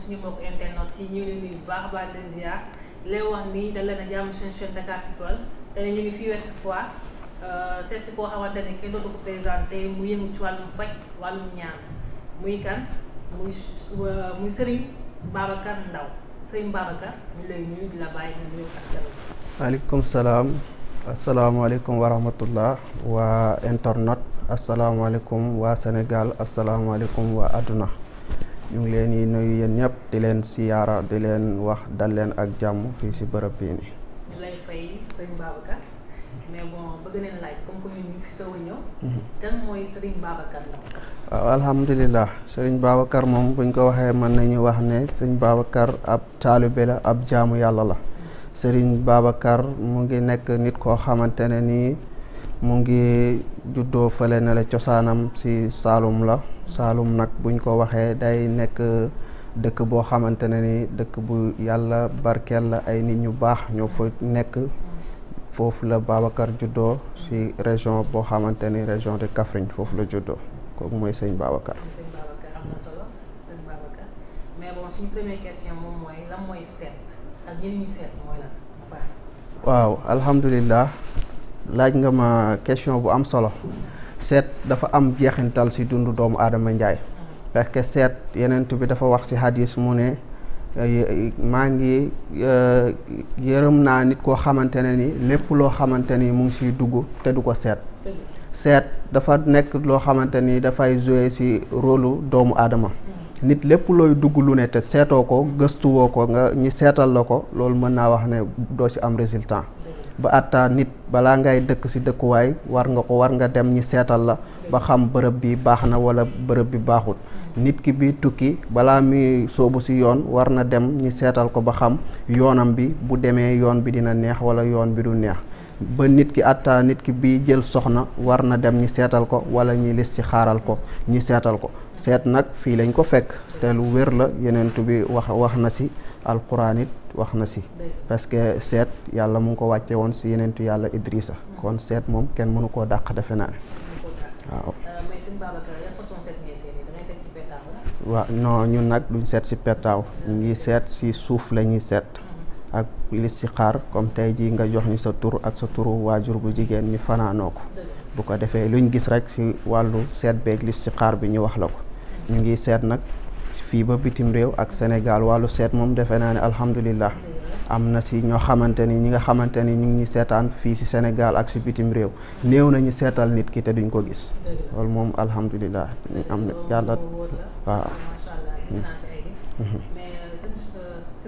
suñu mbokk internet yi ñu leen di nuyu baax baax leen ziar lay wax ni dal leen a seen chaîne Dakar People te ñu ngi fii Ouest Foire euh, seet si koo xamante ne kenn dootu ko présenté mu yëngu ci wàllum faj wàllum ñaan muy kan muy euh, muy Serigne Babacar Ndao Serigne ñu lay nuyu di la bàyyi nga nuyu askan wi. maaleykum salaam asalaamaaleykum wa rahmatullah waa internet asalaamaaleykum waa Sénégal asalaamaaleykum waa àdduna. ñu ngi leen di nuyu yéen ñëpp di leen siyaara di leen wax dal leen ak jàmm fii si bërëb bii nii. ñu lay mhm. waaw alhamdulilah Serigne Babacar moom buñ ko waxee mën nañu wax ne sëñ Babacar ab taalibe la ab jaamu yàlla la. sëriñ Babacar mu ngi nekk nit koo xamante ne nii mu ngi juddoo fële na la cosaanam si Saalum la. Saalum nag buñ ko waxee day nekk dëkk boo xamante ne ni dëkk bu yàlla barkeel la ay nit ñu baax ñoo fa nekk foofu la Babacar juddoo ci région boo xamante ni région de Kaffrine foofu la juddoo kooku mooy sëñ Babacar. waaw alhamdulilah laaj nga ma question bu am solo. seet dafa am jeexintal si dundu doomu aadama njaay parce que seet yenent bi dafa wax si hadis mu ne maa ngi eh, yërëm naa nit koo xamante ne ni lépp loo xamante ni mu ngi siy dugg te du ko seet seet dafa nekk loo xamante ni dafay jouer si rôlu doomu aadama nit lépp looy dugg lu ne te seetoo ko gëstuwoo ko nga ñu seetal la ko loolu mën naa wax ne doo si am résultat ba àttaa nit balaa ngay dëkk ci dëkkuwaay war nga ko war nga dem ñi seetal la ba xam bërëb bi baax na walla bërëb bi baaxul nit ki bi tukki balaa muy soobu ci yoon war na dem ñi seetal ko ba xam yoonam bi bu demee yoon bi dina neex walla yoon bi du neex ba nit ki atta nit ki bi jël soxna war na dem ñi seetal ko wala ñi lis ci xaaral ko ñi seetal ko seet nag fii lañ ko fekk te lu wér la yeneentu bi wax wax na si alquran wax na si parce que seet yàlla mu ngi ko wàcce woon si yeneentu yàlla Idrissa kon seet moom kenn mënu koo dàq defe naa waaw waaw non nag duñ seet si pettaaw ñu ngi seet si suuf la ñuy seet ak listixaar comme tey jii nga jox ñu sa tur ak sa tur waajur bu jigéen ñu fanaanoo ko bu ko defee luñ gis rek ci wàllu seet beeg listixaar bi ñu wax la ko ñu ngi seet nag fii ba bitim réew ak senegaal wàllu seet moom defe naa ne alhamdulilah am na si ñoo xamante ni ñi nga xamante ni ñu ngi seetaan fii si senegaal ak si bitim réew néew nañu seetal nit ki te duñ ko gis loolu moom alhamdulilah am na yàlla waaw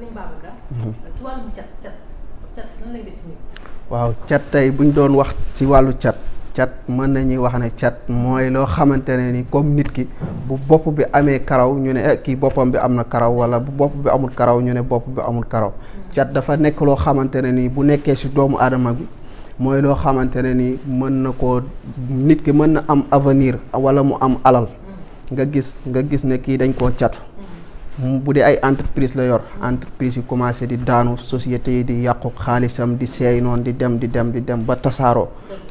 Mhm. waaw cat tey buñ doon wax ci wàllu cat. cat mën nañuy wax ne cat mooy loo xamante ne ni comme nit ki bu bopp bi amee karaw ñu ne eh, kii boppam bi am na karaw wala bu bopp bi amul karaw ñu ne bopp bi amul karaw mhm. cat dafa nekk loo xamante ne ni bu nekkee ci doomu aadama bi mooy loo xamante ne ni mën na ko nit ki mën na am avenir wala mu am alal mhm. nga gis nga gis ne kii dañ koo catu bu dee ay entreprise la yor entreprise yu commencé di daanu société yi di yàqu xaalisam di seey noonu di dem di dem di dem ba tasaaroo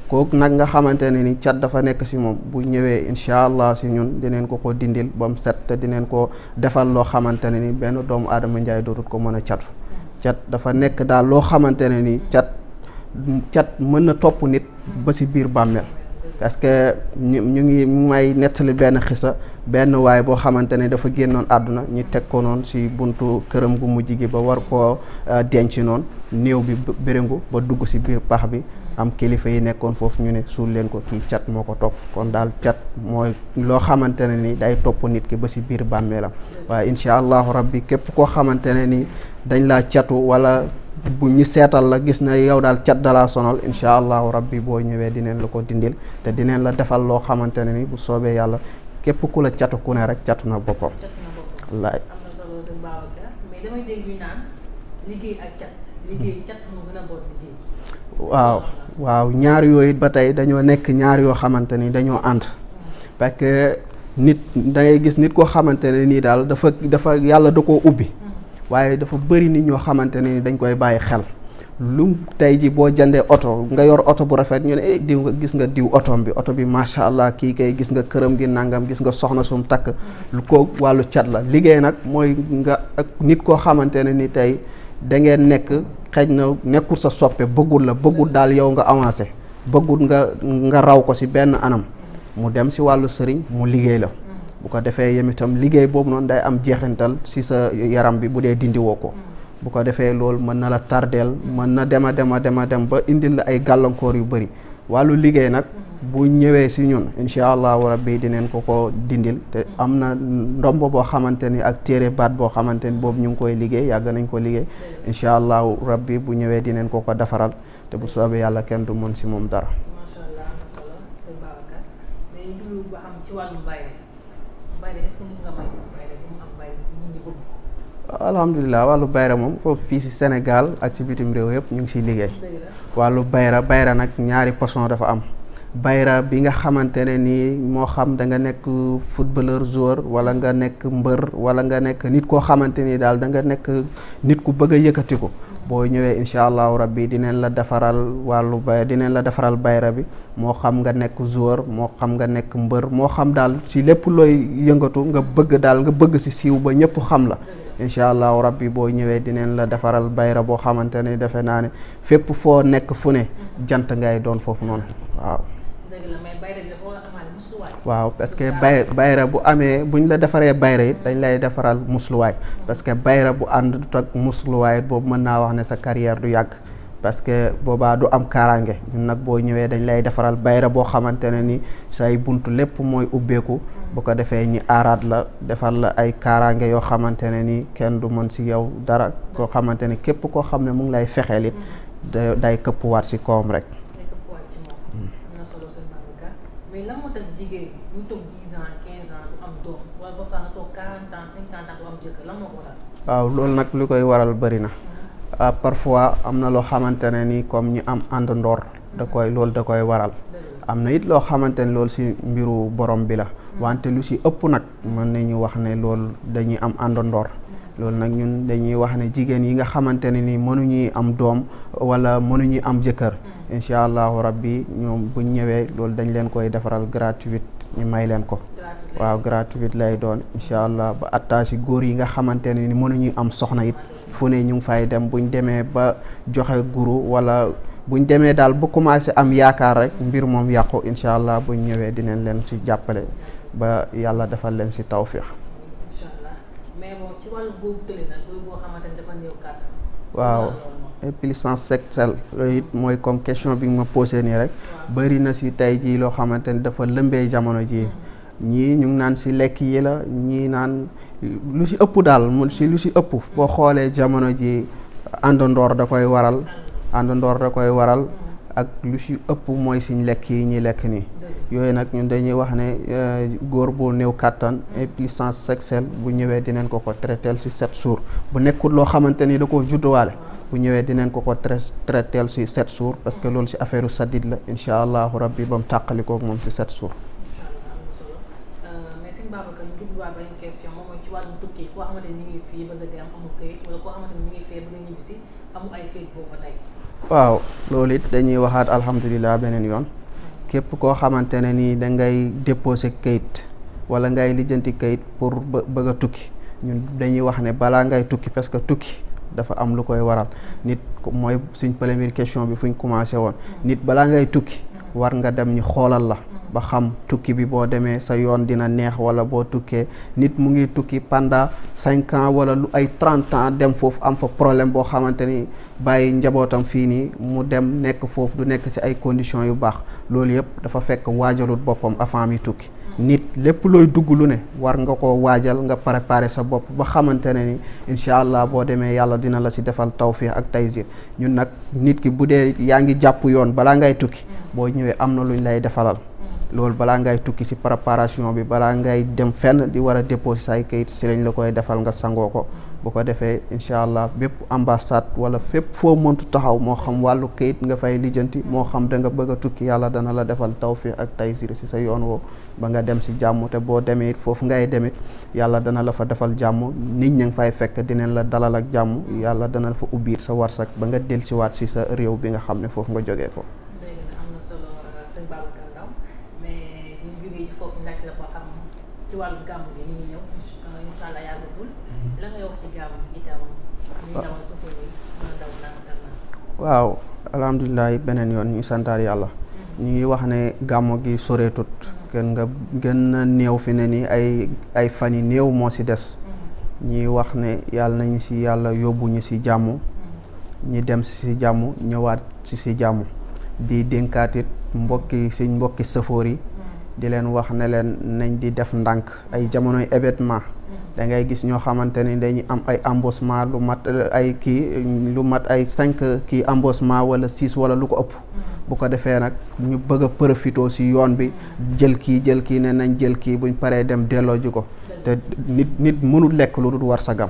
kook nag nga xamante ne ni cat dafa nekk si moom bu ñëwee incha allah si ñun dineen ko ko dindil ba mu set te dineen ko defal loo xamante ne ni benn doomu aadama njaay dootut ko mën a catu cat dafa nekk daal loo xamante ne ni cat cat mën na topp nit ba si biir bàmmeel parce que ñu ñu ngi may nettali benn xisa benn waay boo xamante ne dafa génnoon àdduna ñu teg ko noonu si buntu këram gu mujj gi ba war koo euh, denc noonu néew bi bëringu ba dugg si biir pax bi am kilifa yi nekkoon foofu ñu ne suul leen ko kii cat moo ko topp kon daal cat mooy loo xamante ne ni day topp nit ki ba si biir bàmmeelam waaye incha allahu rabbi képp koo xamante ne dañ laa catu wala bu ñu seetal la gis na yow daal cat dalaa sonal incha allahu rabbi boo ñëwee dineen la ko dindil te dineen la defal loo xamante ne ni bu soobee yàlla képp ku la catu ku ne rek catu na boppam wallaay waaw waaw ñaar yooyu ba tey dañoo nekk ñaar yoo xamante ni dañoo ànd parce que nit dangay gis nit koo xamante ne nii daal dafa dafa yàlla du koo ubbi waaye dafa bëri nit ñoo xamante ne dañ koy bàyyi xel lu tey ji boo jëndee oto nga yor oto bu rafet ñu ne eh diw nga gis nga diw otoom bi oto bi macha allah kii kay gis nga këram gi nangam gis nga soxna sum takk lu ko wàllu cat la liggéey nag mooy nga ak nit koo xamante ne ni tey da ngeen nekk xëj na nekkul sa soppe bëggul la bëggul daal yow nga avancé bëggul nga nga raw ko si benn anam mu dem si wàllu sëriñ mu liggéey la bu ko defee yem liggéey boobu noonu day am jeexantal si sa yaram bi bu dee dindiwoo ko mm. bu ko defee loolu mën na la tardeel mën na dema a dem a dem a dem ba indi la ay gàllankoor yu bëri wàllu liggéey nag mm. bu ñëwee si ñun incha allahu rabbi dinañ ko ko dindil te mm. am na ndomb boo xamante ni ak téere baat boo xamante ni boobu ñu ngi koy liggéey yàgg nañ ko liggéey incha allahu bi bu ñëwee dinañ ko ko defaral te bu soobee yàlla kenn du mën si moom dara. bayre est-ce que mën bayra moom foofu fii si senegal ak si bitim réew yëpp ñu ngi siy liggéey. wàllu bayra bayra nag ñaari poson dafa am. bayra bi nga xamante ne nii moo xam danga nekk footballeur joueur wala nga nekk mbër wala nga nekk nit koo xamante ni daal danga nekk nit ku bëgg a yëkkati ko boo ñëwee incha rab bii dinañ la defaral wàllu bay dinañ la defaral bayra bi moo xam nga nekk joueur moo xam nga nekk mbër moo xam daal si lépp looy yëngatu nga bëgg daal nga bëgg si siiw ba ñëpp xam la incha rab rabbi boo ñëwee dinañ la defaral bayra boo xamante ne defe naa ne fépp foo nekk fu ne jant ngay doon foofu noonu waaw waaw parce que bay bayra bu amee bu ñu la defaree bayra it dañ lay defaral musuluwaay parce que bayra bu ànd ak musluwaay boobu mën naa wax ne sa carrière du yàgg parce que boobaa du am kaaraange ñun nag boo ñëwee dañ lay defaral bayra boo xamante ne ni say bunt lépp mooy ubbeeku bu ko defee ñi aaraat la defal la ay kaaraange yoo xamante ne ni kenn du mën si yow dara koo xamante ne képp koo xam ne mu ngi lay fexeel it mm-hmm. day këppuwaat si koom rek waaw loolu nag lu koy waral bëri na. Mm-hmm. Ah, parfois am na loo xamante ne ni comme ñu am ànd da koy mm-hmm. loolu da koy waral. am na it loo xamante ne loolu si mbiru borom bi la. Mm-hmm. wante lu ci ëpp nag mën nañu wax ne loolu dañuy am ànd ndoor. loolu nag ñun dañuy wax ne jigéen yi nga xamante ne ni mënuñuy am doom wala mënuñuy am jëkkër. incha allahu rabbi ñoom buñ ñëwee loolu dañ leen koy defaral gratuite ñu may leen ko waaw gratuite lay doon incha allah ba attache góor yi nga xamante ne ni mënuñuy am soxna it fu ne ñu ngi fay dem buñ demee ba joxe guru wala buñ demee daal bu commencé am yaakaar rek mbir moom yàqu incha allah buñ ñëwee dinañ leen si jàppale ba yàlla defal leen si tawfiix waaw puissance sectorielle loolu it mooy comme question bi ma posé nii rek bëri na si tey jii loo xamante ni dafa lëmbee jamono jii ñii ñu naan si lekk yi la ñii naan lu si ëpp daal mu si lu si ëpp boo xoolee jamono jii àndandoor da koy waral àndandoor da koy waral ak lu si ëpp mooy suñ lekk yi ñuy lekk nii yooyu nag ñun dañuy wax ne euh, góor bu néew kàttan impuissance sexuelle bu ñëwee dinañ ko ko traiteel si sept jours bu nekkul loo xamante ni da ko judduwaale bu ñëwee dinañ ko ko traiteel si sept jours parce que loolu si affaire u la incha allahu rabbi ba mu tàqalikoo moom euh, ci wàllum tukki koo xamante ni ngi fii waaw loolu it dañuy waxaat alhamdulilah beneen yoon. képp koo xamante ne ni da ngay déposé kayit wala ngay lijjanti kayit pour bëgg a tukki ñun dañuy wax ne balaa ngay tukki parce que tukki dafa am lu koy waral nit mooy suñ première question bi fu ñu commencé woon mm. nit balaa ngay tukki mm. war nga dem ñu xoolal la mm. ba xam tukki bi boo demee sa yoon dina neex wala boo tukkee nit mu ngi tukki pendant cinq ans wala lu ay trente ans dem foofu am fa problème boo xamante ni bàyyi njabootam fii nii mu dem nekk foofu du nekk si ay conditions yu baax loolu yëpp dafa fekk waajalut boppam avant mi tukki. Hmm. nit lépp looy dugg lu ne war nga ko waajal nga préparer sa bopp ba xamante ne ni incha allah boo demee yàlla dina la si defal tawfiix ak taysir ñun nag nit ki bu dee yaa ngi jàpp yoon balaa ngay tukki hmm. boo loolu balaa ngay tukki si préparation bi balaa ngay dem fenn di war a déposer say kayit si lañ la koy defal nga sangoo ko bu ko defee incha allah bépp ambassade wala fépp foo mëntu taxaw moo xam wàllu kayit nga fay lijjanti moo xam da nga bëgg a tukki yàlla dana la defal tawfiq ak taysir si sa yoon woo ba nga dem si jàmm te boo demee foofu ngay demit yàlla dana la fa defal jàmm nit ña nga fay fekk dinañ la dalal ak jàmm yàlla dana la fa ubbiir sa warsak ba nga dellusiwaat si sa réew bi nga xam ne foofu nga jógee ko. mais bu ñu euh, mhm. ah. waaw alhamdulilah beneen yoon ñu santaar yàlla. Mhm. ñu ngi wax ne gàmmu gi soreetut. Mhm. gën nga gën a néew fi ne nii ay ay fan yu néew moo ci des. ñi wax ne yàlla nañu ci yàlla yóbbu ñu si jàmm. ñu dem si si jàmm ñëwaat ci ci jàmmu di dénkaatit mbokki suñ mbokki sëfoor yi mm. di leen wax ne leen nañ di def ndànk ay jamonoy événement mm. da ngay gis ñoo xamante ni dañuy am ay embauchement lu mat euh, ay kii lu mat ay cinq kii embauchement wala six wala lu ko ëpp mm. bu ko defee nag ñu bëgg a profité si yoon bi jël kii jël kii ne nañ jël kii buñ paree dem delloo ko te nit nit mënul lekk lu dul war sa gam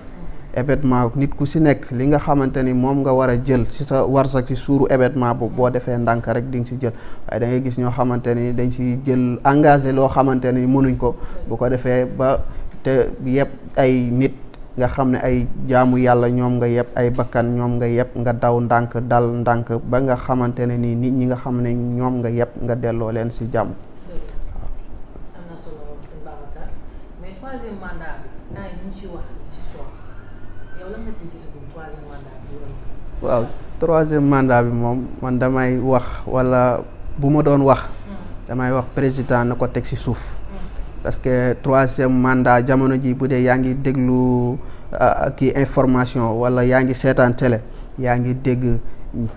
événement nit ku ci nekk li nga xamante ni moom nga war a jël si sa war warsak ci suuru événement boobu boo defee ndànk rek di ci jël waaye da gis ñoo xamante ni dañ si jël engagé loo xamante ni mënuñ ko bu ko defee ba te yépp ay nit nga xam ne ay jaamu yàlla ñoom nga yëpp ay bakkan ñoom nga yëpp nga daw ndànk dal ndànk ba nga xamante ne nii nit ñi nga xam ne ñoom nga yëpp nga delloo leen si jàmm. waaw troisième mandat bi moom man damay wax walla bu ma doon wax. damay wax président na ko teg si suuf. parce que troisième mandat jamono ji bu dee yaa ngi déglu kii information walla yaa ngi seetaan télé yaa ngi dégg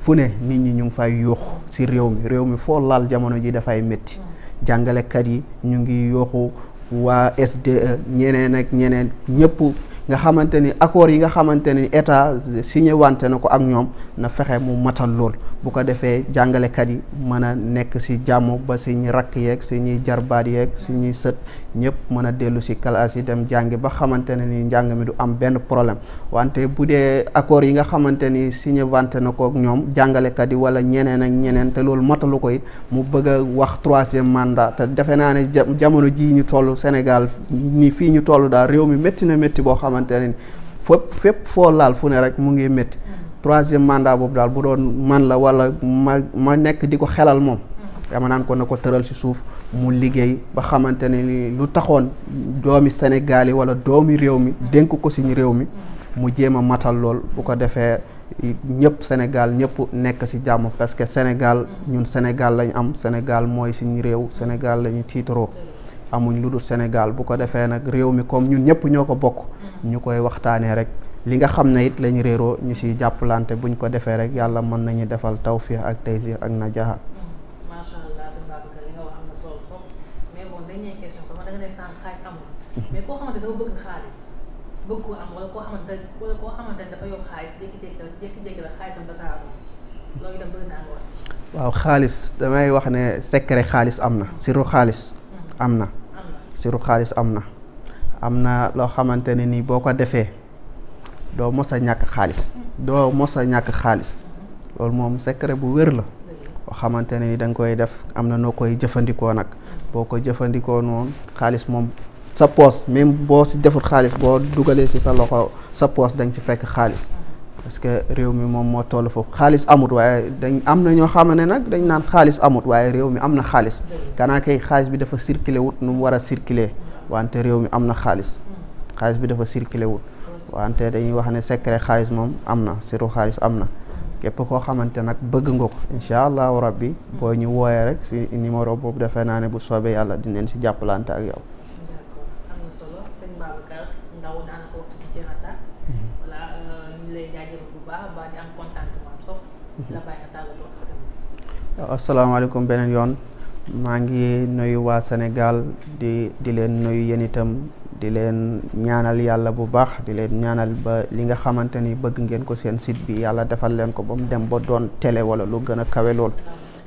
fu ne nit ñi ñu ngi fay yuux si réew mi réew mi foo laal jamono ji dafay metti jàngalekat yi ñu ngi yuuxu waa SDE ñeneen ak ñeneen ñëpp. nga xamante ni accords yi nga xamante ni état signé wante na ko ak ñoom na fexe mu matal lool bu ko defee jàngalekat yi mën a nekk si jàmm ba si ñi rakk yeeg si ñuy jarbaat yeeg si ñuy sët ñëpp mën a dellu si classe yi dem jàngi ba xamante ne ni njàng mi du am benn problème wante bu dee accords yi nga xamante ni signé vante na ko ak ñoom jàngalekat yi wala ñeneen ak ñeneen te loolu motalu ko it mu bëgg a wax troisième mandat te defe naa ne jamono jii ñu tollu Sénégal ni fii ñu toll daal réew mi métti na métti boo xamante ne ni fépp fépp foo laal fu ne rek mu ngi métti mm. troisième mandat boobu daal bu doon man la wala ma ma nekk di ko xelal moom dama naan ko na ko tëral si suuf mu liggéey ba xamante ne ni lu taxoon doomi Sénégal yi wala doomi réew mi dénk ko suñu réew mi mu jéem a matal lool bu ko defee ñëpp Sénégal ñëpp nekk si jàmm parce que Sénégal ñun Sénégal lañ am Sénégal mooy suñu réew Sénégal la ñu amuñ lu dul Sénégal bu ko defee nag réew mi comme ñun ñëpp ñoo ko bokk ñu koy waxtaanee rek li nga xam ne it lañu réeroo ñu si jàppalante buñ ko defee rek yàlla mën nañu defal tawfiix ak taysir ak najaha mais xaalis waaw xaalis damay wax ne secret xaalis am na siru xaalis. Hmm. am na siru xaalis am na. am na loo xamante ne ni boo ko defee doo mos a ñàkk xaalis hmm. doo mos a ñàkk xaalis hmm. loolu moom secret bu wér la boo xamante ne danga koy def am na noo koy jëfandikoo nag boo ko jëfandikoo noonu xaalis moom sa poos même boo si deful xaalis boo dugalee si sa loxo sa poos dañ si fekk xaalis parce que réew mi moom moo toll foofu xaalis amut waaye dañ am na ñoo xam ne nag dañ naan xaalis amut waaye réew mi am na xaalis kanaa kay xaalis bi dafa circuler wut nu war a circuler wante réew mi am na xaalis xaalis bi dafa circuler wut wante dañuy wax ne secret xaalis moom am na siru xaalis am na képp koo xamante nag bëgg nga ko incha allahu rabbi boo ñu wooyee rek si numéro boobu defee naa ne bu soobee yàlla dinañ si jàppalante ak yow asalaamaaleykum beneen yoon maa ngi nuyu waa Sénégal di di leen nuyu yéen itam di leen ñaanal yàlla bu baax di leen ñaanal ba li nga xamante ni bëgg ngeen ko seen sit bi yàlla defal leen ko ba mu dem ba doon tele wala lu gën a kawe lool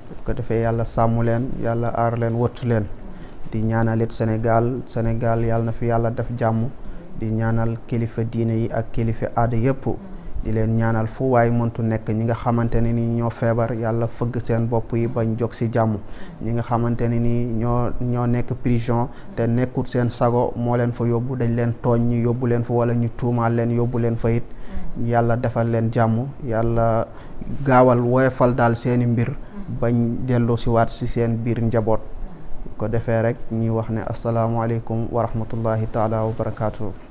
bu ko defee yàlla sàmm leen yàlla aar leen wattu leen di ñaanalit senegaal Sénégal yàlla na fi yàlla def jàmm di ñaanal kilifa diine yi ak kilifa aada yëpp di leen ñaanal fu waaye mëntu nekk ñi nga xamante ne ni ñoo feebar yàlla fëgg seen bopp yi bañ jog si jàmm ñi nga xamante ne ni ñoo ñoo nekk prison te nekkut seen sago moo leen fa yóbbu dañ leen tooñ ñu yóbbu leen fa wala ñu tuumaal leen yóbbu leen fa yàlla defal leen jàmm yàlla gaawal woyofal daal seeni mbir bañ dellu si waat si seen biir njaboot ko defee rek ñuy wax ne asalaamaaleykum wa rahmatullahi taala wa barakaatu.